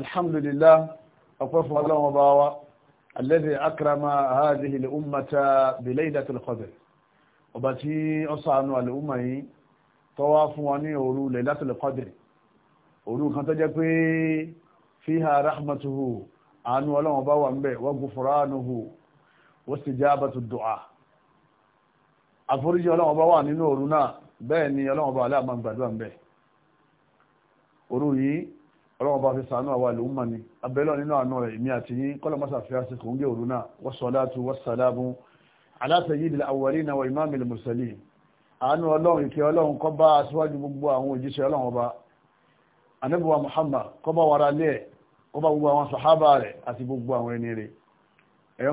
alhamdulillah ọ̀pẹ́ fún ọlọ́run ọba wa alladhi akrama hadhihi al-ummata bi laylatil qadr ọba tí ó ṣàánú al-umma yìí tó wá fún wa ní òru laylatil qadr òru kan tó jẹ́ pé fiha rahmatuhu àánú ọlọ́run ọba wà ń bẹ̀ wa ghufranuhu wa istijabatu du'a àforíjì ọlọ́run ọba wà nínú òru náà bẹ́ẹ̀ ni ọlọ́run ọba aláàmà gbàdúrà ń bẹ̀ òru yìí ọlọ́wọ́n bá fi sànú àwọn àlùmọ́ ni abẹ́lọ́ nínú àánú rẹ̀ èmi àti yín kọ́lọ́mọ́sà fi àṣẹ kò ń gé òru náà wassalatu wassalamu ala sayyidil awwalina wa imamil mursalin àánú ọlọ́run ìkẹ́ ọlọ́run kó bá aṣíwájú gbogbo àwọn òjíṣẹ́ ọlọ́run ọba anábíwá muhammad kó bá wàrà lé ẹ̀ kó bá gbogbo àwọn sàhábà rẹ̀ àti gbogbo àwọn ẹni rẹ̀ ẹ̀yọ́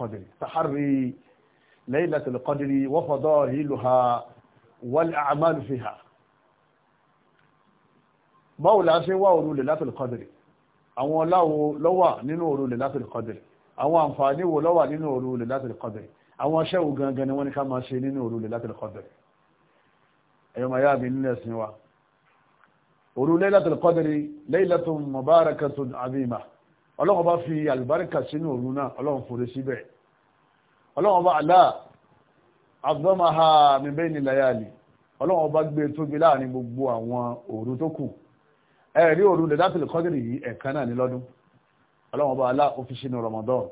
mọ̀ yá ليلة القدر wa والأعمال فيها. a'malu fiha báwo la ṣe wá òru Laylatul Qadri àwọn ọláwo lọ́wà nínú òru Laylatul Qadri àwọn àǹfààní wo lọ́wà nínú òru Laylatul Qadri àwọn aṣẹ́wò gangan ni wọ́n ní ká máa ṣe nínú òru Laylatul Qadri ẹ̀yọ́ ma yá mi nílẹ̀ sí wa òru ọlọ́wọ́n bá Allah azọ́maha min bayni layali ọlọ́wọ́n bá gbé tóbi láàrin gbogbo àwọn òru tó kù ẹ̀rí òru lè dátìlì kọ́dìrì yìí ẹ̀kan náà ní lọ́dún ọlọ́wọ́n bá Allah ó fi sínú Ramadan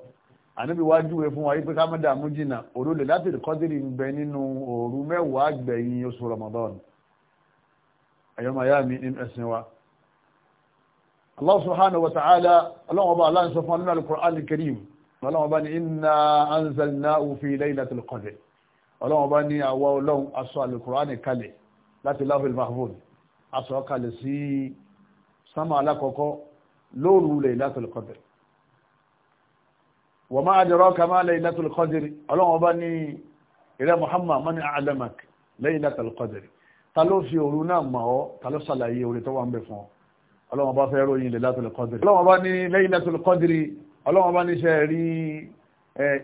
àníbi wá júwe fún wa yí pé ká má dààmú jìnnà òru lè dátìlì kọ́dìrì ń bẹ nínú òru mẹ́wàá gbẹ̀yìn oṣù Ramadan ẹ̀yọ́mayá ọlọ́wọ́n bá ní inna anzalnahu fi laylatil qadr ọlọ́wọ́n bá ní àwọ ọlọ́run aṣọ alukurani kalẹ̀ láti láfíìl mahfuz aṣọ kalẹ̀ sí sámà alákọ̀ọ́kọ́ lóòrù laylatil qadr wa ma adraka ma laylatil qadr ọlọ́wọ́n bá ní ìrẹ́ muhammad man a'lamak laylatil qadr ta ló fi òru náà mọ̀ ọ́ ta ló ṣàlàyé orí tó wà ń bẹ̀ fún ọ ọlọ́wọ́n bá fẹ́ ròyìn laylatil qadr ọlọ́wọ́n bá ní laylatil qadr ọlọ́wọ́n bá níṣẹ́ rí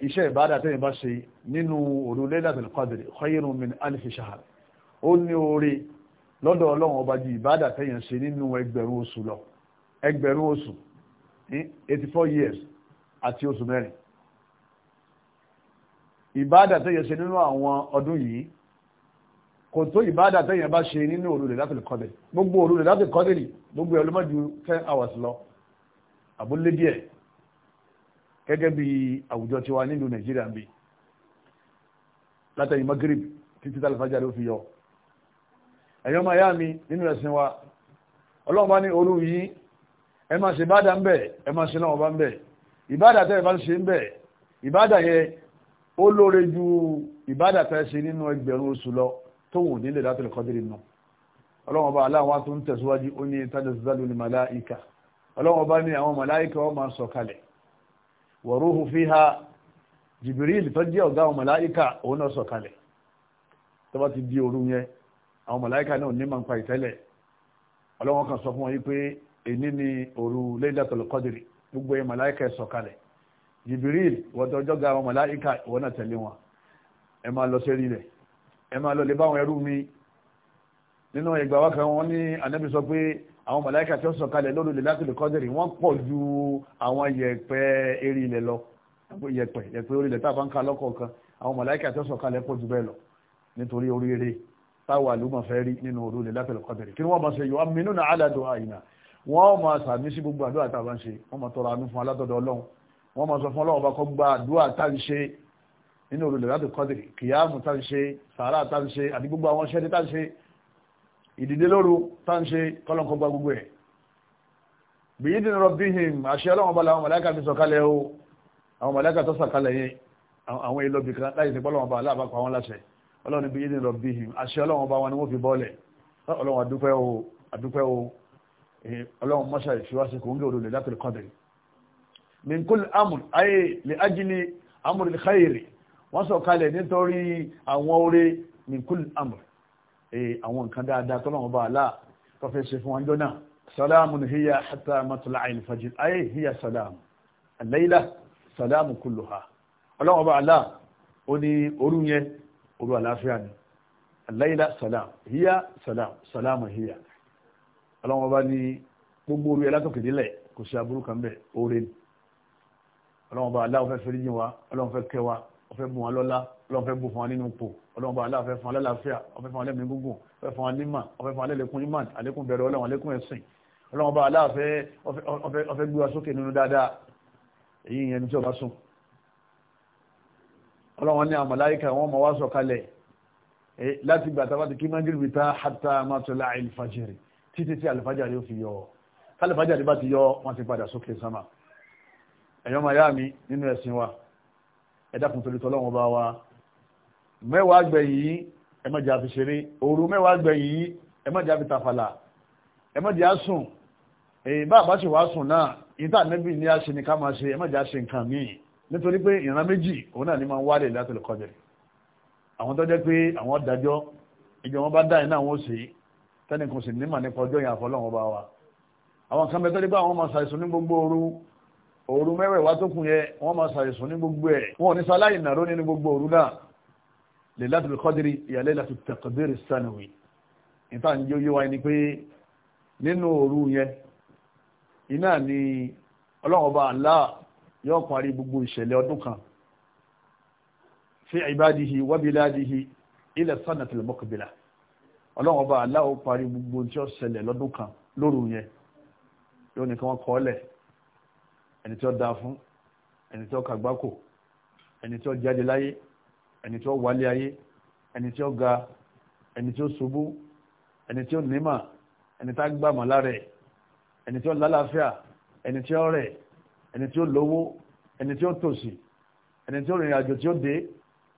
iṣẹ́ ìbádà tẹ́yìn bá ṣe nínú òru Laylatul Qadr khayrun min alf shahr ó ní oore lọ́dọ̀ ọlọ́wọ́n bá ju ìbádà tẹ́yìn ṣe nínú ẹgbẹ̀rún oṣù 84 years àti oṣù mẹ́rin ìbádà tẹ́yìn ṣe nínú àwọn ọdún yìí kò tó ìbádà tẹ́yìn bá ṣe nínú òru Laylatul Qadr gbogbo òru Laylatul Qadr gbogbo ẹlọ́mọ́jú 10 hours lọ àbúlé díẹ̀ gẹ́gẹ́ bí àwùjọ ti wà nílùú nàìjíríà ń bí látẹ̀yìn magrib títí tàlifájà ló fi yọ ẹ̀yọ́ máa yá mi nínú ẹ̀sìn wa ọlọ́run bá ní olú yìí ẹ máa ṣe ìbáàdà ń bẹ̀ ẹ máa ṣe náà ọba ń bẹ̀ ìbáàdà tẹ́ ẹ bá ń ṣe ń bẹ̀ ìbáàdà yẹn ó lóore ju ìbáàdà tẹ́ ṣe nínú ẹgbẹ̀rún oṣù lọ tó wù nílẹ̀ látọ̀lẹ̀ kọ́dírì nù ọlọ́run bá tó ń tẹ̀síwájú ó ní tánẹ̀síwájú ní màláìka ọlọ́run ní àwọn màláìka ó máa sọ̀kalẹ̀ wọ̀rúhù fi ha jìbìrìl tó jẹ́ ọ̀gá àwọn màláíkà òun náà sọ̀kalẹ̀ tó bá ti di òru yẹn àwọn màláíkà náà ní máa ń pa ìtẹ́lẹ̀ ọlọ́wọ́n kan sọ fún wọn yí pé èní ni òru Laylatul Qadri gbogbo ẹ̀ màláíkà sọ̀kalẹ̀ jìbìrìl wọ́n tó jọ́gá àwọn màláíkà òun náà tẹ̀lé wọn ẹ máa lọ sí rílẹ̀ ẹ máa lọ lè bá àwọn ẹrú mi nínú ìgbà wákàtí wọn ní ànábì sọ pé àwọn màláíkà tí ó sọ kalẹ̀ lórí ilẹ̀ láti lè kọ́dìrì wọ́n pọ̀ ju àwọn yẹ̀pẹ̀ eré ilẹ̀ lọ yẹ̀pẹ̀ yẹ̀pẹ̀ orí ilẹ̀ tá a bá ń ka lọ́kọ̀ọ̀kan àwọn màláíkà tí ó sọ kalẹ̀ pọ̀ ju bẹ́ẹ̀ lọ nítorí orí eré táwa ló máa fẹ́ rí nínú orí ilẹ̀ láti lè kọ́dìrì kí wọ́n máa ṣe yọ mínú náà aládùn àyìnà wọ́n máa sàmì sí gbogbo àdúrà tá a bá ń ṣe wọ́n máa tọrọ àánú fún alátọ̀dọ̀ ọlọ́run ìdìde lóru tá ń ṣe kọ́lọ́nkọ́ gba gbogbo ẹ̀ bìyí dín rabbihim àṣẹ ọlọ́wọ́n bá làwọn màláìka fi sọ̀kalẹ̀ o àwọn màláìka tó sọ̀kalẹ̀ yẹn àwọn èlò bìkan láì sí bọ́lọ́wọ́n bá aláàbàpọ̀ àwọn láṣẹ ọlọ́wọ́n ní bìyí dín rabbihim àṣẹ ọlọ́wọ́n bá wọn ni wọ́n fi Eh, àwọn nǹkan dáadáa tọ́lọ́wọ́n bá aláà tó fẹ́ ṣe fún ọjọ́ náà salamun hiya hatta matla'il fajr ayé hiya salam al-layla salamu kulluha ọlọ́wọ́n bá aláà ó ní orú yẹn orú àlàáfíà ni al-layla salam hiya salam salamu hiya ọlọ́wọ́n bá ní gbogbo orí ẹlátọ̀kìdílẹ̀ kò sí aburú kan bẹ́ẹ̀ oore ni ọlọ́wọ́n bá aláà ó fẹ́ fẹ́rí yín wa ọlọ́wọ́n fẹ́ kẹ́ wa fẹ́ bùn wa lọ́lá ọlọ́run fẹ́ bù fún wa nínú ipò ọlọ́run bá aláàfẹ́ fún alálàáfíà ọfẹ́ fún alẹ́mí gúngùn ọfẹ́ fún anímà ọfẹ́ fún alẹ́lẹ́kùn imán alẹ́kùn bẹ̀rẹ̀ ọlọ́run alẹ́kùn ẹ̀sìn ọlọ́run bá aláàfẹ́ ọfẹ́ gbé wa sókè nínú dáadáa èyí ìyẹn tí ọba sùn ọlọ́run ní àmàláyíkà wọn mọ̀ wá sọ̀kalẹ̀ láti gbà tábàtì kí máa ń gírí ta hàtà máa tọ́lá àìlfàjẹ̀rì títí tí àlfàjẹ̀rì ó fi yọ kálífàjẹ̀rì bá ti yọ wọ́n ti padà sókè sámà ẹ̀yọ́ màyá mi nínú ẹ̀sìn wa ẹ̀dá kùn torí tọ́lọ́run mẹ́wàá gbẹ̀yìn yìí ẹ má jà fi ṣeré òru mẹ́wàá gbẹ̀yìn yìí ẹ má jà fi tàfàlà ẹ má jà sùn èyí bá àbá wá sùn náà ìta nẹ́bí ní àṣẹ ni ká máa ṣe ẹ má jà ṣe nǹkan míì nítorí pé ìran méjì òun náà ni máa ń wálé látòlù kọjá àwọn tó jẹ́ pé àwọn dájọ́ ìjọ wọn bá dá iná wọn sì tẹ́nìkan sì nímọ̀ nípa ọjọ́ yẹn àfọlọ́wọn bá wa àwọn kan bẹ́ẹ̀ tó dé àwọn máa ṣàìsùn ní gbogbo òru òru mẹ́wẹ̀ẹ́wá tó kù yẹ wọ́n máa ṣàìsùn ní gbogbo ẹ̀ wọn ò ní sáláì nàró nínú gbogbo òru náà Lailatul Qadri ya Lailatul Taqdir Sanawi ìta ń yóyó wa ni pé nínú òru yẹn iná ni ọlọ́ọ̀ba Allah yóò parí gbogbo ìṣẹ̀lẹ̀ ọdún kan fi ibadihi wa biladihi ila sanatil muqbila ọlọ́ọ̀ba Allah ó parí gbogbo tí ó ṣẹlẹ̀ lọ́dún kan lóru yẹn yóò ní kí wọ́n kọ́ lẹ̀ ẹni tí ó dáa fún ẹni tí ó kàgbákò ẹni tí ó jáde láyé ẹni tí ó wálé ayé ẹni tí ó ga ẹni tí ó ṣubú ẹni tí ó nímà ẹni tá gbàmọ̀ lára ẹ̀ ẹni tí ó lálàáfíà ẹni tí ó rẹ̀ ẹni tí ó lówó ẹni tí ó tòṣì ẹni tí ó rìnrìn àjò tí ó dé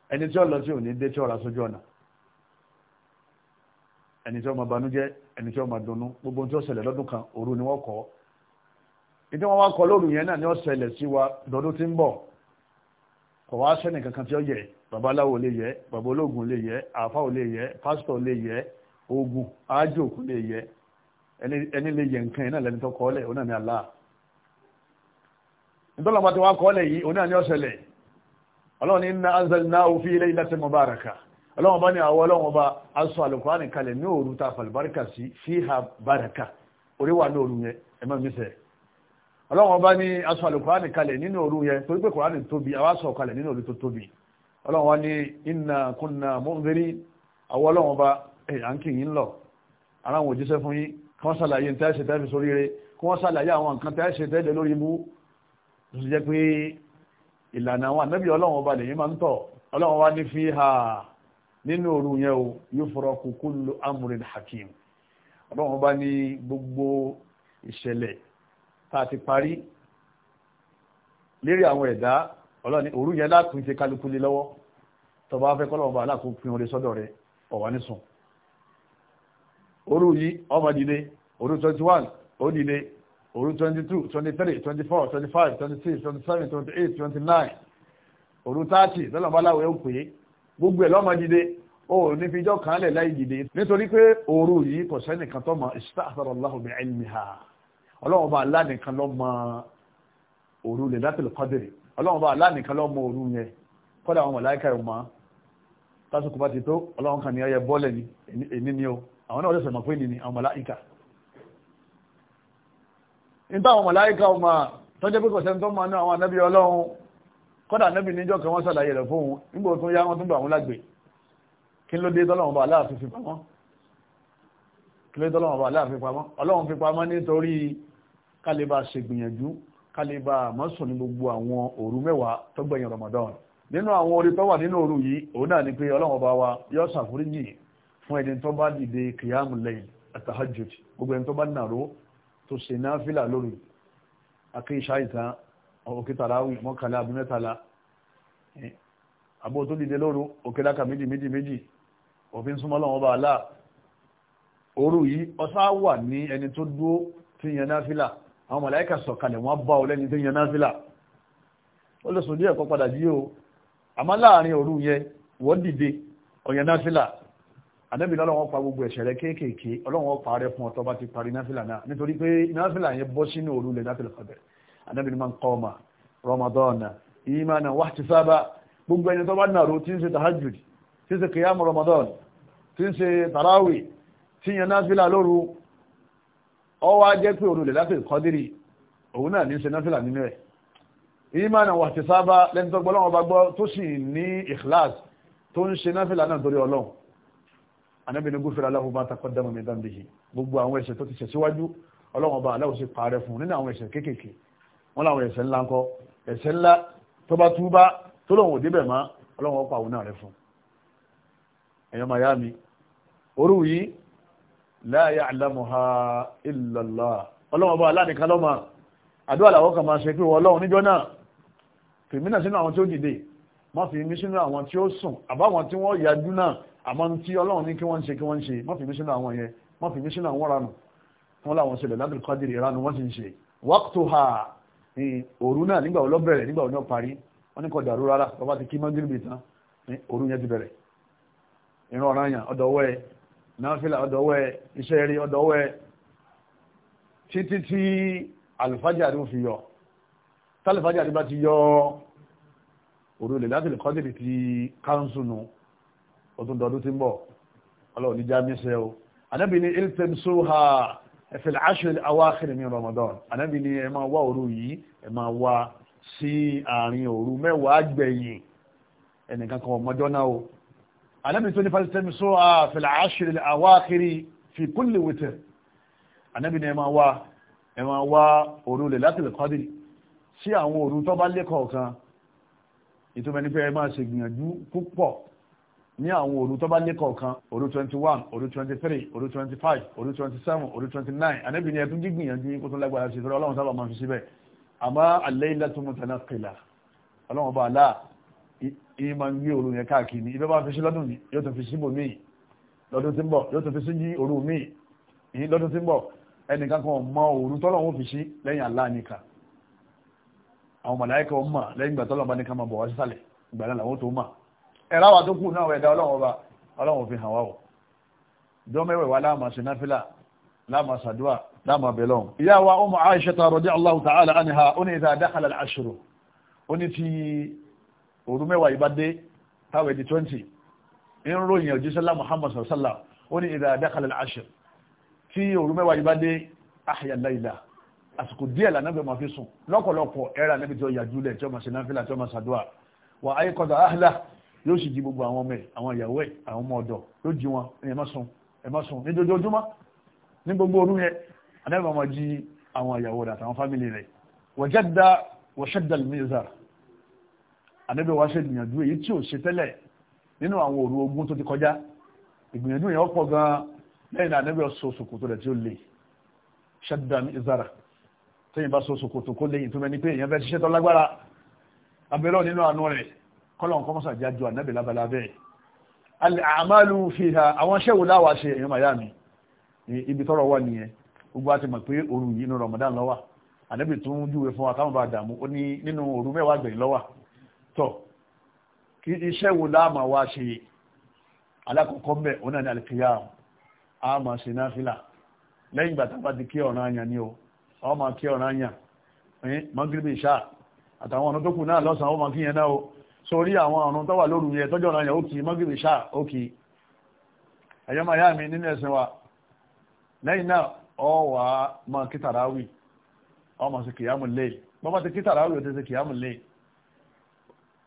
ẹni tí ó lọ tí ò dé tí ó rà sójú ọ̀nà ẹni tí ó máa banújẹ́ ẹni tí ó máa dunnú gbogbo tí ó ṣẹlẹ̀ lọ́dún kan òru ni wọ́n kọ́ ìdí wọn wá kọ lóru yẹn náà ni ó ṣẹlẹ̀ sí wa dọdún tí ń bọ̀ kò wá sẹ́nì kankan tí ó yẹ babaláwo lè yẹ bàbá ológun lè yẹ àáfà ò lè yẹ pásítọ̀ lè yẹ ogun ájò kò lè yẹ ẹni lè yẹ nǹkan iná lẹni tó kọ́ lẹ̀ ọ̀nà ni Allah nítorí àwọn àti wọn kọ́ lẹ̀ yìí ọ̀nà ni ọ̀sẹ̀lẹ̀ ọlọ́run ní inna anzalnahu fi laylatin mubarakah ọlọ́run bá ní àwọn ọlọ́run bá aṣọ àlùkùránì kalẹ̀ ní òru ta fàlùbáríkà sí fiha baraka orí wà ní òru yẹn ẹ má mísẹ̀ ọlọ́run bá ní aṣọ àlùkùránì kalẹ̀ nínú òru yẹn torí pé tóbi àwọn aṣọ kalẹ̀ nínú òru tó tóbi ọlọ́run wá ní iná kúnna mọ́nzẹ́rí àwọn ọlọ́run bá ẹ̀yànkì yìí ń lọ ara wọn òjíṣẹ́ fún yín kí wọ́n sàlàyé ní tẹ́ẹ̀ṣẹ̀ tẹ́ẹ̀fi sórí rẹ kí wọ́n sàlàyé àwọn nǹkan tẹ́ẹ̀ṣẹ̀ tẹ́ẹ̀dẹ̀ lórí mú tó jẹ́ pé ìlànà àwọn ànábì ọlọ́run ọba lèyìn máa ń tọ̀ ọlọ́ni òru yẹn láàkùn ṣe kálukú lé lọ́wọ́ tó bá fẹ́ kọ́lọ́wọ́ bá aláàkùn pin orí sọ́dọ̀ rẹ̀ ọ̀wà ní sùn òru yìí ọmọ dìde òru 21 ó dìde òru 22 23 24 25 26 27 28 29 òru 30 lọ́lọ́mọ aláwọ̀ ẹ̀ ń pè é gbogbo ẹ̀ lọ́mọ dìde ó ní fi ijọ́ kan lẹ̀ láì dìde nítorí pé òru yìí kò sẹ́nìkan tó mọ ista'tharallahu bi'ilmiha ọlọ́wọ́ bá alá nìkan lọ́mọ òru ọlọ́run bá aláàníkan lọ́mọ òru yẹn kọ́dà àwọn màláíkà ìmọ̀ tásùkù bá ti tó ọlọ́run kan ní ọyẹ bọ́ọ̀lẹ̀ ni èmi ni o àwọn náà lọ́sẹ̀ mọ̀ pé ní àwọn màláíkà níta àwọn màláíkà ọmọ tọ́jẹ́ pé kọ̀sẹ́ tó máa ná àwọn anábì ọlọ́run kọ́dà anábì níjọ́ kan wọ́n ṣàlàyé rẹ̀ fóun nígbà tó yá wọn tó bà wọn lágbè kí ló dé tọ́lọ́run bá aláàfin Kaleba mọ́sùn ní gbogbo àwọn òru mẹ́wàá tó gbẹ̀yìn Ramadan nínú àwọn orí tó wà nínú òru yìí òun náà ni pé ọlọ́run ọba wa yóò ṣàforíjì fún ẹni tó bá dìde kìyàmù lẹ́yìn àtàhàjò gbogbo ẹni tó bá nàró tó ṣe náà fílà lórí akéṣà ìtàn òkètàláwì mọ́kànlá àbí mẹ́tàlá àbó tó dìde lóru òkèláka méjì méjì méjì òfin súnmọ́ ọlọ́run ọba àlá òru yìí ọsá wà ní ẹni tó dúó tí yẹn náà fílà àwọn màláíkà sọ̀kalẹ̀ wọ́n bá ọ lẹ́ni tó yan náfílà ó lè sùn díẹ̀ kọ́ padà jí o àmọ́ láàrin òru yẹn wọ́n dìde ọ̀yàn náfílà ànábì lọ́lọ́wọ́ pa gbogbo ẹ̀ṣẹ̀ rẹ kéékèèké ọlọ́wọ́ pa rẹ fún ọtọ́ bá ti parí náfílà náà nítorí pé náfílà yẹn bọ́ sínú òru lẹ̀ náfílà kọ̀dẹ̀ ànábì ní máa ń kọ́ ọ wá jẹ́ pé òru lè láti kọ́dírì òun náà ní ṣe náfìlà nínú ẹ̀ ìmánà wà ti sábà lẹ́ni tó gbọ́lọ́wọ́ bá gbọ́ tó sì ní ìkìláàs tó ń ṣe náfìlà náà torí ọlọ́run anábìnrin gúfèrè aláhùn bá takọ́ dámọ̀ mi dámbi yìí gbogbo àwọn ẹ̀ṣẹ̀ tó ti ṣẹ̀ síwájú ọlọ́run ọba aláwọ̀ sí parẹ́ fún nínú àwọn ẹ̀ṣẹ̀ la ya'lamuha illa Allah ọlọ́wọ́n bá aláàdìkan lọ́mà àdúrà làwọn kan máa ṣe pé wọ́n lọ́wọ́ níjọ́ náà fèmínà sínú àwọn tí ó dìde má fi mí sínú àwọn tí ó sùn àbáwọn tí wọ́n yájú náà àmọ́ tí ọlọ́run ní kí wọ́n ń ṣe kí wọ́n ń ṣe má fi mí sínú àwọn yẹn má fi mí sínú àwọn ranù wọ́n láwọn ṣẹlẹ̀ lábìlì kọ́dìrì wọ́n ti ń ṣe waqtuha náfìlà ọ̀dọ̀wẹ́ iṣẹ́ rí ọ̀dọ̀wẹ́ títí tí alùfájàrí fi yọ tálùfájàrí bá ti yọ òrùlé láti lè kọ́dìrì ti káńsùnù ọdún dọdún tí ń bọ̀ ọlọ́run ní jámísẹ́ o anábì ní iltemsuha fil ashr awakhir min ramadan anábì ní ẹ máa wá òru yìí ẹ máa wá sí àárín òru mẹ́wàá gbẹ̀yìn ẹnìkan kan ọmọjọ́ náà anabi tó ní fásitẹ́mi في العشر fìlàáṣìrì في كل وتر. witr anabi ni ẹmà wá ẹmà wá òru lè láti lè kọ́dì sí àwọn òru tó bá lẹ́kọ̀ọ́ kan ìtumẹ̀ ní pé ẹ máa ṣe gbìyànjú púpọ̀ ní àwọn òru 21 òru 23 òru 25 òru 27 òru 29 anabi ni ẹ tún jí gbìyànjú kó tún lágbára sí ìfẹ́ ọlọ́run sábà máa fi síbẹ̀ àmọ́ al-laylatu mutanaqqilah ọlọ́run bá yìí máa ń gbé òru yẹn káàkiri ibẹ́ bá fi sí lọ́dún yìí yóò tún fi síbò míì lọ́dún tí ń bọ̀ yóò tún fi sí ní òru míì yìí lọ́dún tí ń bọ̀ ẹnìkan kan mọ òru tọ́lọ́run fi sí lẹ́yìn Allah nìkan àwọn màláíkà ọmọ lẹ́yìn ìgbà tọ́lọ́run bá nìkan máa bọ̀ wá sísàlẹ̀ ìgbà náà làwọn tó mà ẹ̀rọ àwọn tó kù náà ẹ̀dá òru mẹ́wàá yìí bá dé táwọn ẹ̀dì 20 ń ròyìn òjísọ́lá muhammad sọ̀sọ́lá ó ní ìdá dákàlẹ̀ àṣẹ tí òru mẹ́wàá yìí bá dé àhìyà láìlá àsìkò díẹ̀ lànàbẹ̀ máa fi sùn lọ́pọ̀lọpọ̀ ẹ̀rà níbi tí ó yà júlẹ̀ tí ó máa ṣe tí ó máa ṣàdúrà wà ayé kọ́ta áhìlá yóò sì jí gbogbo àwọn ọmọ ẹ̀ àwọn ìyàwó ẹ̀ àwọn ọmọ ọ̀dọ̀ yóò jí wọn ẹ má sùn ẹ má sùn ní dojoojúmọ́ ní gbogbo òru yẹn anábẹ̀ máa jí àwọn ìyàwó rẹ̀ àtàwọn fámìlì rẹ̀ wọ́n jẹ́ da wọ́n ṣẹ́dá mizar ànábì wa ṣe ìgbìyànjú èyí tí ò ṣe tẹ́lẹ̀ nínú àwọn òru ogun tó ti kọjá ìgbìyànjú yẹn ọ̀pọ̀ gan lẹ́yìn ànábì ọ̀sọ̀ ṣòkòtò rẹ̀ tí ó le ṣẹ́dùdàn ìzára tẹ́yìn bá sọ ṣòkòtò kó lẹ́yìn tó mẹ́ni pé èèyàn fẹ́ ṣiṣẹ́ tó lágbára abẹ́rọ̀ nínú àánú rẹ̀ kọ́lọ̀n kọ́mọ́sà jájú ànábì lábalábẹ́ àmàlù fiha àwọn ṣẹ́wò miami ibi tọ́rọ̀ wà nìyẹn gbogbo a ti mọ̀ pé òru yìí nínú Ramadan ló wà ànábì tún wa káwọn tọ̀ kí iṣẹ́ wo láàmà wá ṣe alákọ̀ọ́kọ́ mẹ́ òun náà ni alìkìyà àmà ṣe náfìlà lẹ́yìn ìgbà tàbá ti kí ọ̀ràn àyàn ni o ọmọ kí ọ̀ràn àyàn mọ́gírí bí ìṣá àtàwọn ọ̀nà tó kù náà lọ́sàn-án ọmọ kí náà o sórí àwọn ọ̀run tó wà lóru yẹn tọ́jọ́ ọ̀ràn àyàn ó kì í mọ́gírí bí ìṣá ó kì í ẹ̀yọ́ máa yá mi nínú ẹ̀sìn wa lẹ́yìn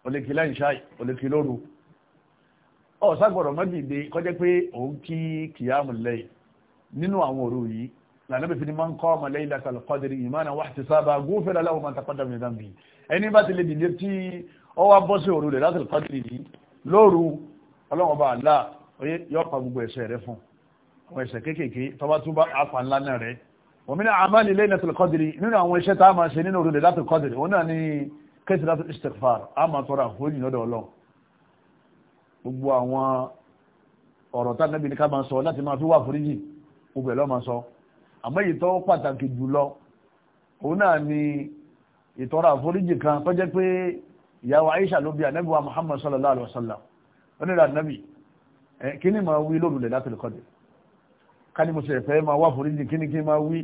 o lè kí lẹ́yìn ṣáì o lè kí lóru ọ̀sá gbọ́dọ̀ má dìde kọjẹ́ pé òun kí kìyàmù lẹ́yìn nínú àwọn òru yìí lànàbí fi ni máa ń kọ́ ọmọ lẹ́yìn látàlù kọ́dìrì ìmáàna wà ti sábà gúnfẹ́ láwọn máa takọ́dà mi dán bí ẹni bá ti lè dìde tí ó wá bọ́ sí òru rẹ̀ látàlù kọ́dìrì yìí lóru ọlọ́wọ́n bá àlá yọ pa kẹsì láti istighfar a máa tọrọ àforíjì lọ́dọ̀ ọlọ́run gbogbo àwọn ọ̀rọ̀ tá nẹ́bí ní ká máa sọ láti máa fi wá àforíjì gbogbo ẹ̀ lọ́ máa sọ àmọ́ èyí tó pàtàkì jùlọ òun náà ni ìtọrọ àforíjì kan tó jẹ́ pé ìyàwó Aisha ló bí ànẹ́bí wa Muhammad sallallahu alaihi wasallam ó ní ra ànẹ́bí kí ni máa wí lóru Lailatul Qadr ká ní mo ṣe fẹ́ máa wá àforíjì kí kí máa wí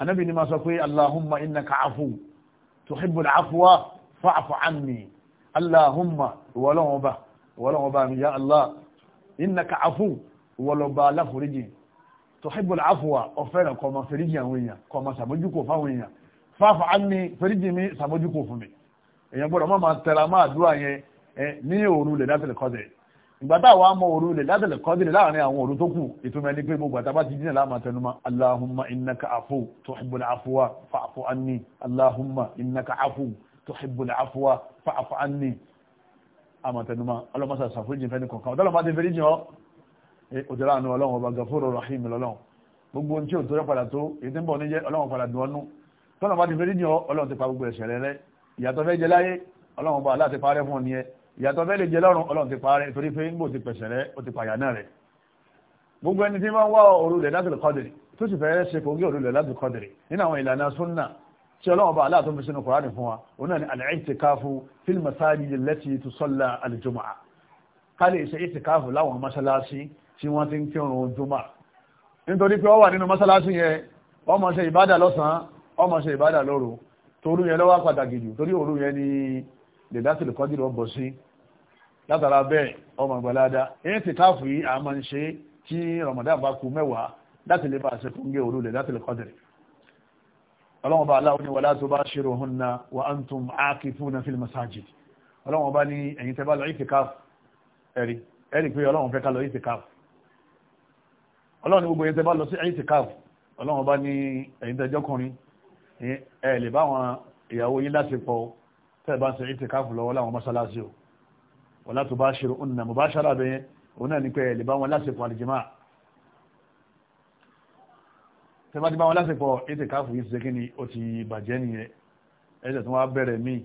ànẹ́bí ni máa sọ pé Allahumma innaka afu tuhibbu al-afwa fa'fu anni allahumma ìwọlọ́wọ́n bá ìwọlọ́wọ́n bá mi ya allah innaka afu ìwọlọ́ba aláforíjì tuhibbu al-afwa ọ̀fẹ́rẹ̀ kọmọ fèríjì àwọn èèyàn kọmọ sàmójúkò fáwọn èèyàn fa'fu anni fèríjì mi sàmójúkò fún mi èèyàn gbọ́dọ̀ má máa tẹra máa dúà yẹn ní òru lè dátìlẹ̀ kọ́dẹ̀ ìgbàtà àwọn amọ̀ òru lè ládàlẹ̀ kọ́dìrì láàrin àwọn òru tó kù ìtumẹ̀ ní pé gbogbo àtàbá ti dínà láàmà tẹnumọ́ aláhùnmá ìnaka àfò tó ṣìbùn àfúwà fàáfù ánì aláhùnmá ìnaka àfò tó ṣìbùn àfúwà fàáfù ánì àmà tẹnumọ́ ọlọ́mọsà sàfúrìjì fẹ́ni kọ̀ọ̀kan ọ̀dọ́lọ́mọ́ ti fẹ́rí jìn ọ́ òjòlá àánú ọba gafóró rahim lọ́lọ́run gbogbo ohun tí ò ìyàtọ̀ bẹ́ẹ̀ lè jẹ lọ́rùn ọlọ́run ti parẹ́ torí pé níbo ti pẹ̀sẹ̀ rẹ ó ti pàyà náà rẹ gbogbo ẹni tí máa ń wá òru rẹ̀ láti kọ́dìrì tó sì fẹ́ ṣe kò ń gé òru rẹ̀ láti kọ́dìrì nínú àwọn ìlànà súnà tí ọlọ́run bá aláàtọ́ fi sínú kùránì fún wa òun náà ni al-i'tikafu fil masajid allati tusalla al-jumu'a ká lè ṣe i'tikafu láwọn mọ́ṣáláṣí tí wọ́n ti ń kírun jùmọ̀ nítorí pé ó wà nínú mọ́ṣáláṣí yẹn wọ́n máa ṣe ìbádà lọ́sàn-án wọ́n máa ṣe ìbádà lóru torí yẹn ló pàtàkì jù torí òru yẹn ni lè dá sílùkọ́ dìrò ọ̀bọ̀ sí látara bẹ́ẹ̀ ọmọ àgbàláda èyí ti káàfù yìí a máa ń ṣe tí Ramadan bá kù mẹ́wàá láti lè bá ṣe fún gé òru lè dá sílùkọ́ dìrò ọlọ́wọ́n bá aláwọ̀ ni wala tubashiruhunna wa antum aakifuna fil masajid ọlọ́wọ́n bá ní ẹ̀yin tẹ́ bá lọ ìtìkáf ẹ̀rí ẹ̀rí pé ọlọ́wọ́n fẹ́ ká lọ ìtìkáf ọlọ́wọ́n ní gbogbo ẹ̀yin tẹ́ bá lọ sí ìtìkáf ọlọ́wọ́n bá ní ẹ̀yin tẹ́jọ́kùnrin ẹ̀ lè bá ìyàwó yín láti pọ̀ tẹ́ẹ̀bá ṣe ìtìkáfù lọ́wọ́ láwọn mọ́sálásí o wọ́n látò bá ṣe òun mọ̀ bá ṣára bẹ́yẹn òun náà ní pé lè bá wọn lásìkò àlìjìmá tẹ́ẹ̀bá ti bá wọn lásìkò ìtìkáfù yìí ṣe kíni ó ti bàjẹ́ nìyẹn ẹ̀jẹ̀ tí wọ́n bẹ̀rẹ̀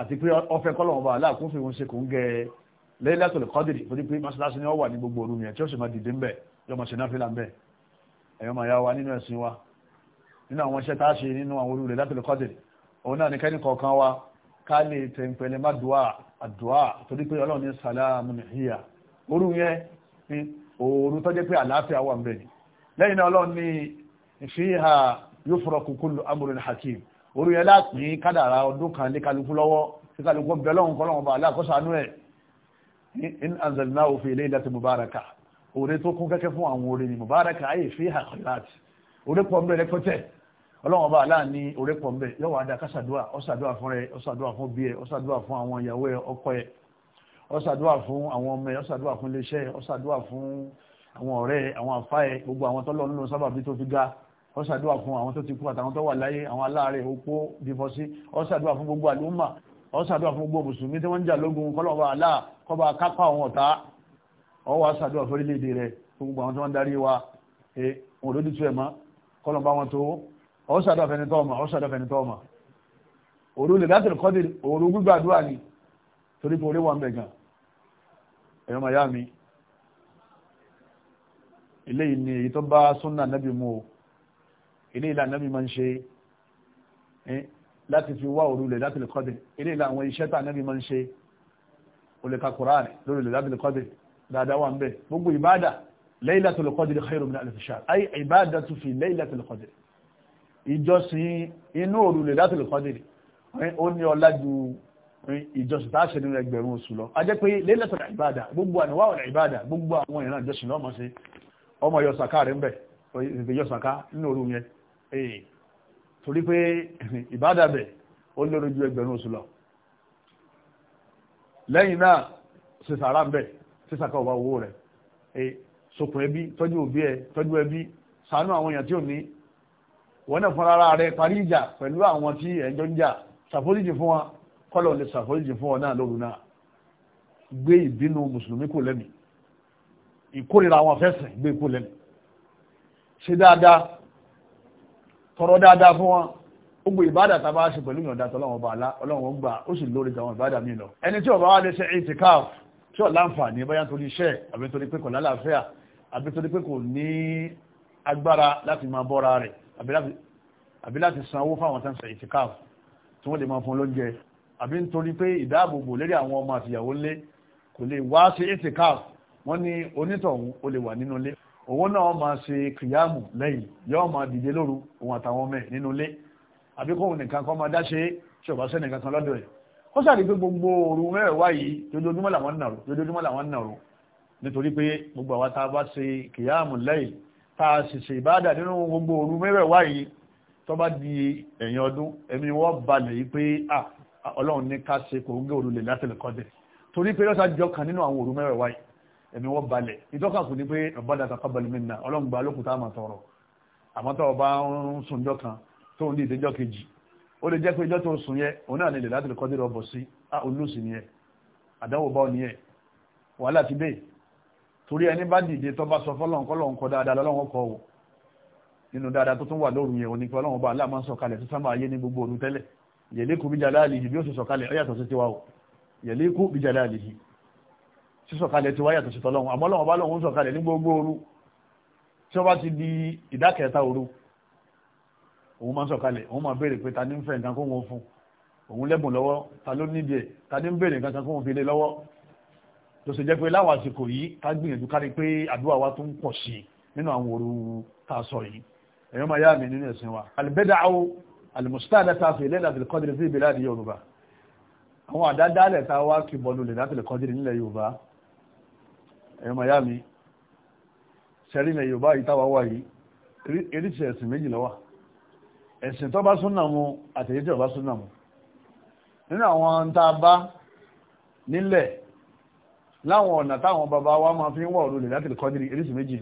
àti pé ọfẹ́ kọ́lọ̀wọ́n bá aláàkún fi wọn ṣe kò ń gẹ Laylatul Qadr torí pé mọ́ṣáláṣí ni wọ́n wà ní gbogbo òru yẹn tí ó sì máa dìde ń bẹ̀ yọ máa ṣe náfìlà ń bẹ̀ ẹ̀yọ́ máa yá wa nínú ẹ̀sìn wa nínú àwọn iṣẹ́ tá a ṣe nínú àwọn olú Laylatul Qadr òun náà ní kẹ́ni kọ̀ọ̀kan wa ká lè tẹ̀m̀pẹ̀lẹ̀ má dùá àdùá torí pé Ọlọ́run ní sàlámù nìyíyà òru yẹn ni òru tó jẹ́ pé àlàáfíà wà ń bẹ̀ ni lẹ́yìn náà Ọlọ́run ní fiha yufraqu kullu amrin hakim orí ẹ lápín kádàrà ọdún kan lé kálukú lọ́wọ́ tí kálukú bẹ lọ́hùn kọ́ lọ́hùn bá aláàkọ́sánú ẹ̀ in anzalna fi laylati mubaraka orí tó kún kẹ́kẹ́ fún àwọn orí ni mubaraka ayé fi hà kọ́láàt orí pọ̀ mbẹ́ rẹpẹ́tẹ́ ọlọ́hùn bá aláà ní orí pọ̀ mbẹ́ yọ̀wọ̀ adá kásàdúà fún rẹ ọ̀sàdúà fún bí ẹ fún àwọn ìyàwó ẹ ọkọ ẹ ọ̀sàdúà ó ṣàdúrà fún àwọn tó ti kú àtàwọn tó wà láyé àwọn aláàrẹ̀ opó dìfọ́sí ó ṣàdúrà fún gbogbo àlúmà ó ṣàdúrà fún gbogbo mùsùlùmí tí wọ́n ń jà lógun kọ́lọ̀bà aláà kọba wa òun lójú tó ẹ̀ mọ́ kọ́lọ̀bà wọn tó ó ṣàdúrà fẹ́ni tọ́ọ̀mà ó ṣàdúrà fẹ́ni tọ́ọ̀mà òru lè láti kọ́ òru gbígbàdúrà ni torí pé orí mi eléyìí ni èyí tó bá súnà nábì mu o ilé ìlà nàbí máa ń ṣe láti fi wá òru Lailatul Qadr ilé ìlà àwọn iṣẹ́ tà nàbí máa ń ṣe olùka Qur'an lórí Lailatul Qadr dáadáa wà ń bẹ̀ gbogbo ìbáàdà Lailatul Qadr khairu min alf shahr ay ibadatu fi Lailatul Qadr ìjọsìn inú òru Lailatul Qadr ó ní ọlá ju ìjọsìn tá a ṣe nínú ẹgbẹ̀rún oṣù lọ a jẹ́ pé Lailatul Ibada gbogbo ìbáàdà gbogbo àwọn ìran ìjọsìn lọ́mọ ee torí pé ìbádàbẹ̀ ó lórí ju ẹgbẹ̀rún oṣù lọ lẹ́yìn náà ṣe sàrà ń bẹ̀ ṣe sàkà ọba owó rẹ̀ ee sopọ̀ ẹbí tọ́jú òbí ẹ tọ́jú ẹbí ṣàánú àwọn èèyàn tí ò ní wọ́n náà fún ara rẹ̀ parí ìjà pẹ̀lú àwọn tí ẹjọ́ ń jà ṣàforíjì fún wa kọ́lọ̀ lè ṣàforíjì fún ọ náà lóru náà gbé ìbínú mùsùlùmí kò lẹ́mìí ìkórìíra àwọn afẹ́sìn gbé kò lẹ́mìí ṣe dáadáa tọrọ dáadáa fún wọn gbogbo ìbádà tá a bá ṣe pẹ̀lú ìyọ̀ǹda tọ́lọ́wọ́n bá alá ọlọ́wọ́n gbà ó sì lórí àwọn ìbádà mi lọ ẹni tí ọba wa lè ṣe ìtìkáàf tí ò láǹfààní bóyá torí iṣẹ́ àbí torí pé kò lálàáfíà àbí torí pé kò ní agbára láti máa bọ́ra rẹ̀ àbí láti sanwó fáwọn tó ń ṣe ìtìkáàf tí wọ́n lè máa fún lóúnjẹ àbí nítorí pé ìdáàbòbò lérí àwọn ọmọ àtìyàwó lé kò lè wá sí ìtìkáàf wọ́n ní onítọ̀hún ó lè wà nínú ilé òun náà máa ṣe kìyàmù lẹ́yìn yóò máa dìde lóru òun àtàwọn ọmọ ẹ̀ nínú ilé àbí kóhun nìkan kan máa dáṣe tí ò bá sẹ́ni kankan lọ́dọ̀ ẹ̀ ó sàrí pé gbogbo òru mẹ́rẹ̀wá yìí jojoojúmọ́ làwọn nàró jojoojúmọ́ làwọn nàró nítorí pé gbogbo àwa tá a bá ṣe kìyàmù lẹ́yìn tá a sì ṣe ìbáàdà nínú gbogbo òru mẹ́rẹ̀wá yìí tó bá di ẹ̀yìn ọdún ẹ̀mí wọ́n balẹ̀ yìí pé ọlọ́run ní ká ṣe kò ń gé òru lè látẹ̀lẹ̀kọ́dẹ̀ torí pé lọ́sàájọ́ kan nínú àwọn òru mẹ́rẹ̀wá ẹ̀mí wọ́n balẹ̀ ìtọ́ka kò ní pé ọ̀bádà taqabbal minna ọlọ́run gba lókùn tá a máa tọrọ àmọ́ tó ọba ń sùn jọ kan tó ń dìde jọ kejì ó lè jẹ́ pé ìjọ tó ń sùn yẹ òun náà nílẹ̀ láti lè kọ́ dérò ọbọ̀ sí olùsì ni ẹ̀ àdánwò bá òní ẹ̀ wàhálà ti dé torí ẹni bá dìde tó bá sọ fọlọ́n kọ́lọ́n kọ́ dáadáa lọ́lọ́wọ́ kọ́ o nínú dáadáa tó tún wà lóru tí sọ̀kalẹ̀ ti wáyà tó ṣe tọ́lọ́run àmọ́ Ọlọ́run bá lọ́run sọ̀kalẹ̀ ní gbogbo òru tí wọ́n bá ti di ìdákẹta òru òun máa sọ̀kalẹ̀ òun máa béèrè pé ta ní ń fẹ́ nǹkan kó wọn fún òun lẹ́bùn lọ́wọ́ ta ló nídìí ẹ̀ ta ní ń béèrè nǹkan kó wọn fi lé lọ́wọ́ tó ṣe jẹ́ pé láwọn àsìkò yìí ká gbìyànjú kárí pé àdúrà wa tó ń pọ̀ sí nínú àwọn òru tá a sọ yìí ẹ̀yọ́ máa yá mi nínú ẹ̀sìn wa àlùbẹ́dà àwọn àlùmùsítàdà tá a fi lẹ́la àbìlẹ̀kọ́dìrì sí ìbílẹ̀ àdìyẹ Yorùbá àwọn àdádálẹ̀ tá a wá kì bọ́ọ̀lù lẹ́la àbìlẹ̀kọ́dìrì nílẹ̀ Yorùbá ẹ̀yọ́ miami sẹ́rí ilẹ̀ yorùbá yìí táwa wà yìí eréṣẹ́ ẹ̀sìn méjì ló wà ẹ̀sìn tó bá súnà mu àtẹ̀yẹ́ tí ò bá súnà mu nínú àwọn tá a bá nílẹ̀ láwọn ọ̀nà táwọn bàbá wa máa fi ń wọ̀ lulẹ̀ láti kọ́ nírí eréṣẹ́ méjì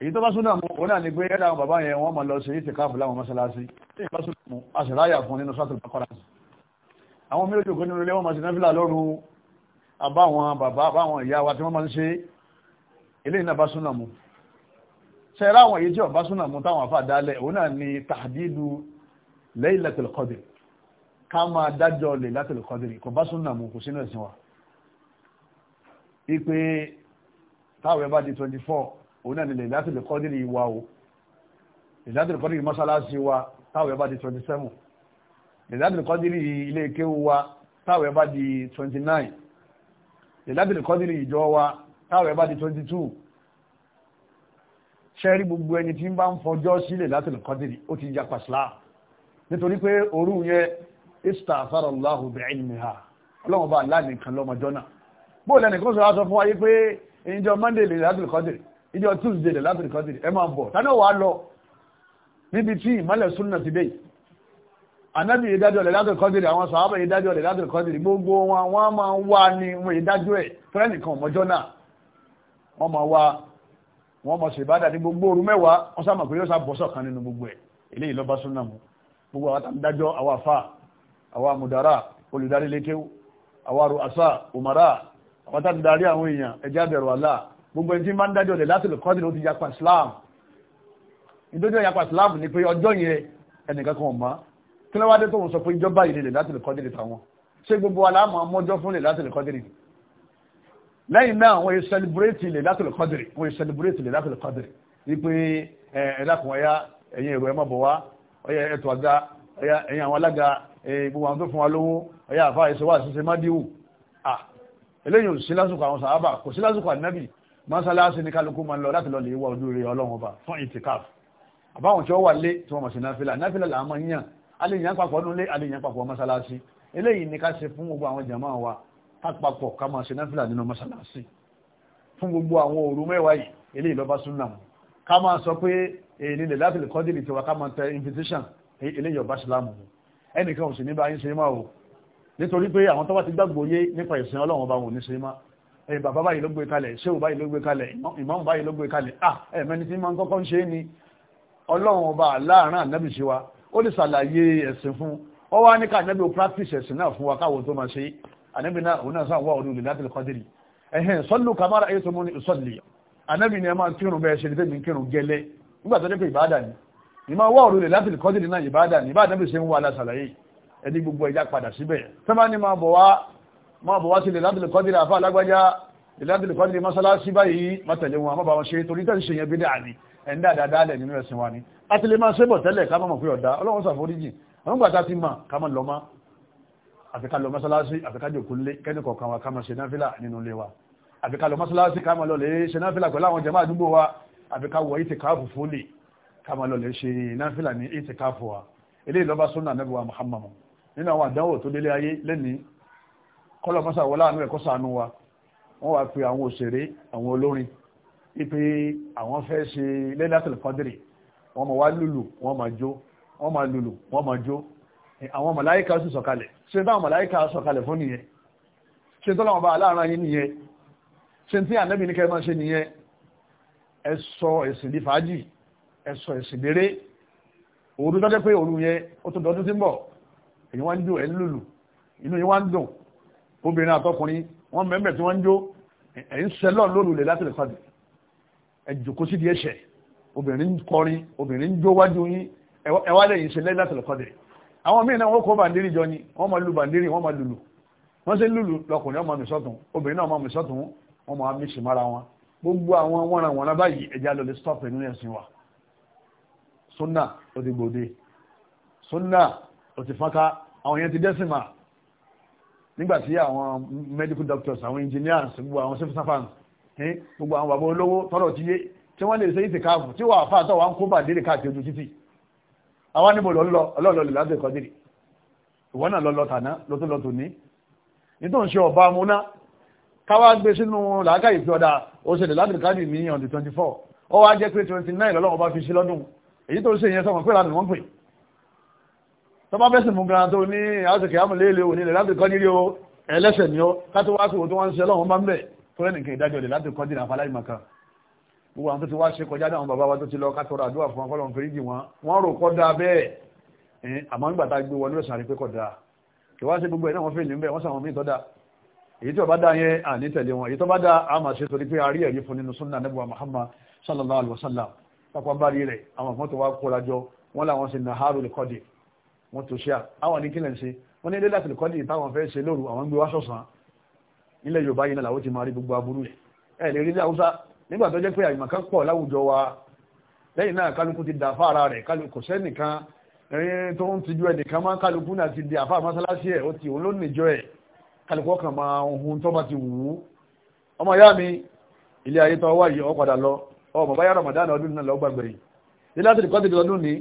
èyí tó bá súnà mu òun náà ni pé ẹ̀dá àwọn bàbá yẹn wọ́n máa lọ sí ìtìkáàfù láwọn mọ́ṣáláṣí tí ìbá súnà mu àṣàráyà fún nínú sátìlù àwọn mí àbáwọn bàbá àbáwọn ìyá wa tí wọ́n máa ń ṣe eléyìí náà bá súnà mu ṣẹ̀rá àwọn èyí tí ọ̀bá súnà mu táwọn àfà dálẹ̀ òun náà ni tàdídù Laylatul Qadr bá 24 òun náà ni Laylatul Qadr wa o Laylatul Qadr mọ́sálásí 27 Laylatul Qadr ilé kéwu wa di 29 ìlábìlì kọ́dìrì ìjọ wa táwọn ẹ̀ bá di 22 ṣẹ́rí gbogbo ẹni tí ń bá ń fọjọ́ sílẹ̀ látìlì kọ́dìrì ó ti yapa sílá nítorí pé òru yẹn ista afárọ̀ láhùn bẹ̀rẹ̀ ìmì ha ọlọ́run bá lánìkan lọ́mọjọ́ náà bó lẹ́nì kan sọ fún wáyé pé monday lè látìlì kọ́dìrì ìjọ tuesday lè látìlì kọ́dìrì ẹ máa bọ̀ tani ó wàá lọ níbi tí ìmọ̀lẹ̀ ànábì ìdájọ́ rẹ̀ látọ̀ kọ́dìrì àwọn sàábà ìdájọ́ rẹ̀ látọ̀ kọ́dìrì gbogbo wọn wọ́n máa ń wá ní wọn ìdájọ́ ẹ̀ fẹ́ẹ̀nìkan ọmọjọ́ náà wọ́n máa wá wọ́n máa ṣèbádà ní gbogbo òru mẹ́wàá wọ́n sábà pé yóò sá bọ́sọ̀ kan nínú gbogbo ẹ̀ eléyìí lọ́ba súnà mu gbogbo àwọn àtàndájọ́ àwọn afá àwọn amùdárà olùdarí lékéwú àwọn arò àṣà òmàrà àwọn àtàndárí àwọn èèyàn ẹ̀jẹ̀ àbẹ̀rù àlà gbogbo ẹni tí máa ń dájọ́ rẹ̀ láti lè kọ́dìrì ó ti yapa Islam ìdójọ́ yapa Islam ni pé ọjọ́ yẹn ẹnìkan kan ò kí ló wá dé tó ń sọ pé ìjọba yìí lè láti lè kọ́dìrì táwọn ṣé gbogbo aláàmọ̀ ọmọjọ́ fún lè láti lè kọ́dìrì lẹ́yìn náà wọ́n yẹ sẹlibúrétì lè láti lè kọ́dìrì wọ́n yẹ sẹlibúrétì lè láti lè kọ́dìrì wípé ẹ̀ẹ́dàkùn ẹ̀yà ẹ̀yìn èrò ẹ̀ má bọ̀ wá ọ̀yà ẹ̀tọ́ àga ọ̀yà ẹ̀yìn àwọn alága gbogbo àwọn tó fún wa lówó ọ̀yà àfa ẹ̀sọ́ wà aléyìn papọ̀ nulé aléyìn papọ̀ mọ́sálásí eléyìí ni ká ṣe fún gbogbo àwọn jàmáà wa ká papọ̀ ká máa ṣe náfìlà nínú mọ́sálásí fún gbogbo àwọn òru mẹ́wàá yìí eléyìí lọ́ba súnà mu ká máa sọ pé èyí lè láti lè kọ́ dìbì tiwa ká máa tẹ invitation eléyìí ọba sílámù ẹnìkan ò sì ní bá yín ṣe máa o nítorí pé àwọn tó bá ti gbàgbọ́ yé nípa ìsìn ọlọ́run ọba wọn sinimá ẹ̀yìn bàbá báyìí ló gbé kalẹ̀ ṣéwù báyìí ló gbé kalẹ̀ ìmáàmù báyìí ló gbé kalẹ̀ ah ẹ̀mẹ́ni tí máa ń kọ́kọ́ ń ṣe é ni ọlọ́run ọba láàárín ànábì ó lè ṣàlàyé ẹ̀sìn fún ọ wá ní ká ànábì ó practice ẹ̀sìn náà fún wa káwọn tó máa ṣe ànábì náà òun náà sáwọn ọdún ìlànà tẹlẹ kọdírì ẹhẹn kamara ayé tó mú ní ìsọlì ànábì ni ẹ máa kírun bẹ́ẹ̀ ṣe nítorí kírun gẹ́lẹ́ nígbà tó dé pé ìbáàdà ni ìmọ̀ wá òrùlé láti lè kọ́dìrì náà ìbáàdà ní ìbáàdà bí ṣe ń wà lásàlàyé ẹni gbogbo ẹja padà síbẹ̀ tẹ́bá ìlàdìlì kọ́dìlì mọ́sálásí báyìí mọ́tẹ̀lé wọn àmọ́bà wọn ṣe torí tẹ́ ṣe yẹn bídá àní ẹ̀ndà dáadáalẹ̀ nínú ẹ̀sìn wa ni a ti lè máa ṣébọ̀ tẹ́lẹ̀ ká mọ̀ pé ọ̀dá ọlọ́run ṣàforíjì àwọn gbàtà ti mà ká mọ̀ lọ́mọ́ àfi ká lọ mọ́sálásí àfi ká jòkó lé kẹ́ni kọ̀ọ̀kan wa ká mọ̀ ṣe náfìlà nínú ilé wa àfi ká lọ mọ́sálásí ká mọ̀ lọ lè ṣe náfìlà pẹ̀lú Muhammadu nínú àwọn àdánwò tó délé ayé lẹ́ni kọ́lọ̀ mọ́sà wọlá àánú ẹ̀kọ́ wa wọ́n wá pe àwọn òṣèré àwọn olórin wípé àwọn fẹ́ ṣe lẹ́lẹ́tọ̀lù kọ́dìrì wọ́n máa wá lùlù wọ́n máa jó wọ́n máa lùlù wọ́n máa jó àwọn màláíkà sì sọ̀kalẹ̀ ṣe táwọn màláíkà sọ̀kalẹ̀ fún nìyẹn ṣe tó láwọn bá aláàrán yín nìyẹn ṣe tí ànábì ní kẹ́ máa ṣe nìyẹn ẹ sọ ẹ̀sìn di fàájì ẹ sọ ẹ̀sìn déré òru tọ́jọ́ pé òru yẹn ó tó dọdún tí ń bọ̀ èyí wá ń dùn ẹ̀ ń lùlù inú yín wá ń dùn obìnrin àtọkùnrin wọ́n mẹ́mẹ́ tí wọ́n ń jó ẹ̀yìn sẹ́lọ̀ lórúlẹ̀ láti lè fàdé ẹ̀jòkó sí di ẹ̀ṣẹ̀ obìnrin kọrin obìnrin jó wájú yín ẹwà lẹ́yìn sẹ́lẹ̀ láti lè fàdé àwọn míì náà wọ́n kó bàndírì jọ ni wọ́n máa lu bàndírì wọ́n máa lùlù wọ́n sì lùlù lọkùnrin ọmọ mi sọ́tún obìnrin náà ọmọ mi sọ́tún wọ́n máa mí sìmára wọn gbogbo àwọn wọ́nranwọ̀nra báyìí ẹja lọ lè stop nínú ẹ̀sìn wa sunna odigbode sunna òtìfọ́nká àwọn yẹn ti dẹ́sìn máa nígbàtí àwọn medical doctors àwọn engineers gbogbo àwọn civil servants ní eh, gbogbo àwọn bàbá olówó tọ́rọ̀ ti yé tí wọ́n lè ṣe ìtì káàfù tí wọ́n àfáà tọ́wọ́ ń kó bà délé káàkiri ojú títì àwọn níbo lọ lọ ọlọ́ọ̀lọ́ lè lábẹ́ ẹ̀kọ́ délé ìwọ náà lọ́lọ́ tàná ló tó lọ tò ní nítorí ṣe ọba amúná káwá gbé sínú làákà ìfi ọ̀dà òṣèlè lábẹ́ káàdì ní on the twenty four ó wá jẹ́ pé twenty nine lọ́lọ́wọ́ bá fi ṣe lọ́dún èyí tó ṣe yẹn sọ̀rọ̀ tọ́bá bẹ́sẹ̀ mú gan tó ní àṣẹkẹ̀ àmìlélẹ̀ òní lẹ̀ láti kọ́ nílé o ẹlẹ́sẹ̀ ni ó káti wá sí òtún wá ń ṣe lọ́wọ́n bá ń bẹ̀ tó rẹ̀ nìkan ìdájọ́ lẹ̀ láti kọ́ dínà àfàláìmọ̀kan gbogbo àwọn tó ti wá ṣe kọjá náà bàbá wa tó ti lọ kátọ́rọ̀ àdúrà fún ọkọ́ lọ́n fèrèjì wọn wọ́n rò kọ́ da bẹ́ẹ̀ àmọ́ nígbà tá a gbé wọlé ọ̀sán rí pé kọ̀ da kí wá sí gbogbo ẹ̀ náà wọ́n fèlè ń bẹ̀ wọ́n sàwọn míì tó èyí tó bá da yẹn àní tẹ̀lé wọn èyí tó bá da a máa ṣe torí pé a rí ẹ̀rí fún nínú sunna nebuwa Muhammad sallallahu alaihi wa sallam pápá bá rí rẹ̀ àwọn kan tó wá kóra jọ wọ́n làwọn sì nàhárù lè kọ́ dé wọ́n tó ṣíà àwọn ní kílẹ̀ ń ṣe wọ́n ní ilé láti lè kọ́dì táwọn fẹ́ ṣe lóru àwọn gbé wá sọ̀sán ilẹ̀ yorùbá yìí náà làwọn ti máa rí gbogbo aburú ẹ̀ lè rí ilé haúsá nígbà tó jẹ́ pé àyùmọ̀kan pọ̀ láwùjọ wa lẹ́yìn náà kálukú ti dà fára rẹ̀ kò sẹ́nìkan tó ń tijú ẹnìkan máa kálukú náà ti di àfáà mọ́sálásí ẹ̀ ó ti òun ló nìjọ ẹ̀ kálukú ọkàn máa ohun tó bá ti wù ú ọmọ ìyá mi ilé ayé tó wáyé ọ padà lọ ọmọ báyá Ramadan ọdún náà lọ gbàgbèrè ilé àti ìkọ́tìdì ọdún ní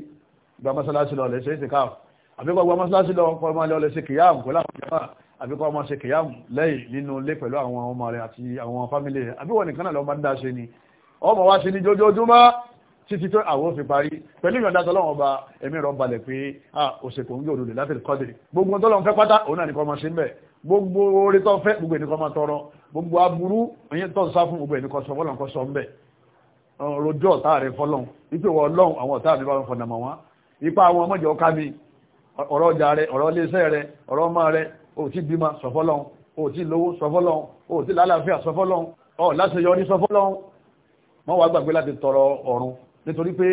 ìgbà mọ́sálásí lọ lẹ́sẹ̀ ìsìnkáàfù àbíkọ́ gba mọ́sálásí lọ kọ́ máa lọ́lẹ̀ sí kìyàmù pẹ̀lú àwọn jàmá àbíkọ́ máa ṣe kìyàmù lẹ́yìn nínú ilé pẹ̀lú àwọn ọmọ rẹ̀ àti àwọn fámílì rẹ̀ àbíwọ̀ nìkan wa ṣe ní jójójúmọ́ títí tó àwọn fi parí pẹ̀lú ìyọ̀nda tọ́lọ́wọ́n ba ẹ̀mí rọ̀ balẹ̀ pé a òṣèkò ń jò lòdì láti kọ́dìrì gbogbo tọ́lọ́wọ́n fẹ́ pátá òun náà nìkan máa ṣe ń bẹ̀ gbogbo orí tó fẹ́ gbogbo ẹnìkan máa tọrọ gbogbo aburú ẹ̀yìn tó ń sá ọ̀rọ̀ ọjà rẹ ọ̀rọ̀ iléeṣẹ́ rẹ ọ̀rọ̀ ọmọ rẹ o ti bímọ sọfọ́lọ́hún o ti lówó sọfọ́lọ́hún o ti lálàáfíà sọfọ́lọ́hún ọ láṣeyọrí sọfọ́lọ́hún mọ́ wàá gbàgbé láti tọrọ ọ̀run nítorí pé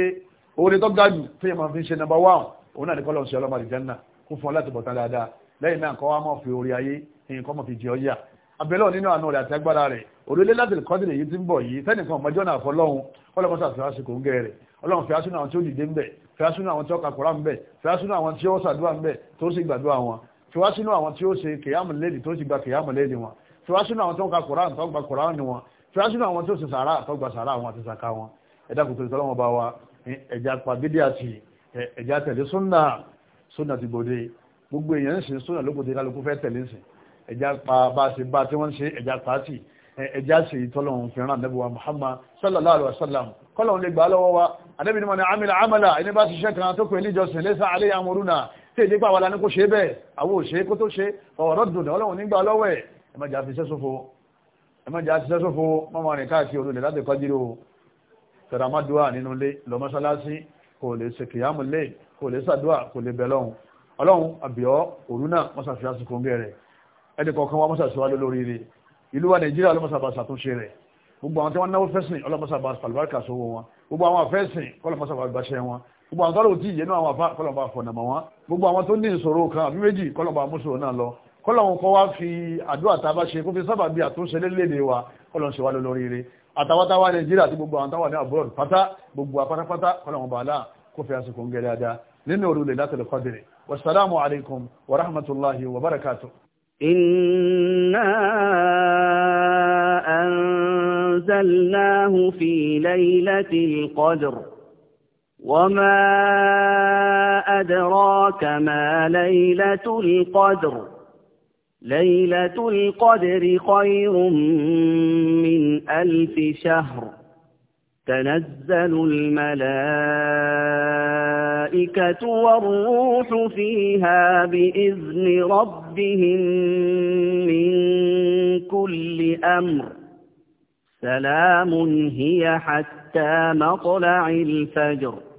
oore tó ga jù fún yẹn fi ń ṣe nàmbà wáhùn òun náà ní kọ́lọ́ ṣe ọlọ́mọ àlìjánná kún fún ọ láti bọ̀tán dáadáa lẹ́yìn náà kọ́ wa mọ̀ fi orí ayé ẹ̀yìn kọ́ mọ̀ fi jẹ ọyà abẹ́lọ́ nínú àánú rẹ̀ àti agbára rẹ̀ òrùlé láti lè kọ́dìrì èyí tí ń bọ̀ yìí tẹ́nìkan ọmọjọ́ náà fọlọ́hún ọlọ́mọ sàfihàn àsìkò ń gẹ̀ rẹ̀ ọlọ́run fi aṣọ náà tí ó dìde ń bẹ̀ fẹ́wá sínú àwọn tí ó ka Kùránì ń bẹ̀ fẹ́wá sínú àwọn tí ó ṣàdúrà ń bẹ̀ tó sì gbàdúrà wọn fẹ́wá sínú àwọn tí ó ṣe kìyàmù léèdì tó sì gba kìyàmù léèdì wọn fẹ́wá sínú àwọn tí ó ka Kùránì tó gba Kùránì ni wọn fẹ́wá sínú àwọn tí ó ṣe sàárà tó gba sàárà wọn àti sàká wọn ẹ̀dá kòtò ìtọ́lọ́wọ́n bá wa ẹ̀já Muhammad sallallahu alaihi wasallam kọ́lọ́wọ́n lè gbà lọ́wọ́ àdébìnrin mọ̀ ní amílà amílà ẹni bá ṣiṣẹ́ kan tó pè ní ìjọsìn lẹ́sà alẹ́ àmúrúnà tí èdè pàwàlà ní kò ṣe bẹ́ẹ̀ àwọ òṣè kó tó ṣe ọ̀rọ̀ dùnà ọlọ́run nígbà ọlọ́wọ́ ẹ̀ ẹ má jà fi sẹ́sọ́fo ẹ má jà fi sẹ́sọ́fo mọ́mọ́ rìn káàkiri olùlẹ̀ láti kọjú o tẹ̀rọ amádùá nínú ilé lọ mọ́sálásí kò lè ṣe kìyàmù lé kò lè ṣàdúà kò lè bẹ̀ lọ́hùn ọlọ́run àbíọ́ òru náà mọ́sàfì àsìkò ń bẹ̀rẹ̀ ẹnì kọ̀ọ̀kan wa mọ́sàfì ìlú wa nàìjíríà ọlọ́mọsàbà ṣàtúnṣe rẹ̀ gbogbo àwọn tí wọ́n náwó fẹ́sìn ọlọ́mọsàbà pàlùbáríkà sówó wọn gbogbo àwọn afẹ́sìn kọ́lọ̀mọ́sà bá gbaṣẹ́ wọn gbogbo àwọn tọ́lọ̀ tí ìyẹnú àwọn afá kọ́lọ̀mọ́ àfọ̀nàmọ́ wọn gbogbo àwọn tó ní ìṣòro kan àbí méjì kọ́lọ̀mọ́ àmúṣòro náà lọ kọ́lọ̀mọ́ kọ́ wá fi àdúrà tá a bá ṣe kó fi sábà bí àtúnṣe lélẹ́dẹ̀ wa kọ́lọ̀mọ́ ṣe wá lórí rere àtàwátáwá nàìjíríà àti gbogbo àwọn táwà ní abroad pátá gbogbo apátápátá kọ́lọ̀mọ́ bàálà kó fi àsìkò ń gẹ̀rẹ́ adá nínú òru lè látẹ̀lẹ̀ kọ́dìrì wasalaamu alaykum wa rahmatulahi wa barakatuh. inna أنزلناه في ليلة القدر وما أدراك ما ليلة القدر ليلة القدر خير من ألف شهر تنزل الملائكة والروح فيها بإذن ربهم من كل أمر سلام هي حتى مطلع الفجر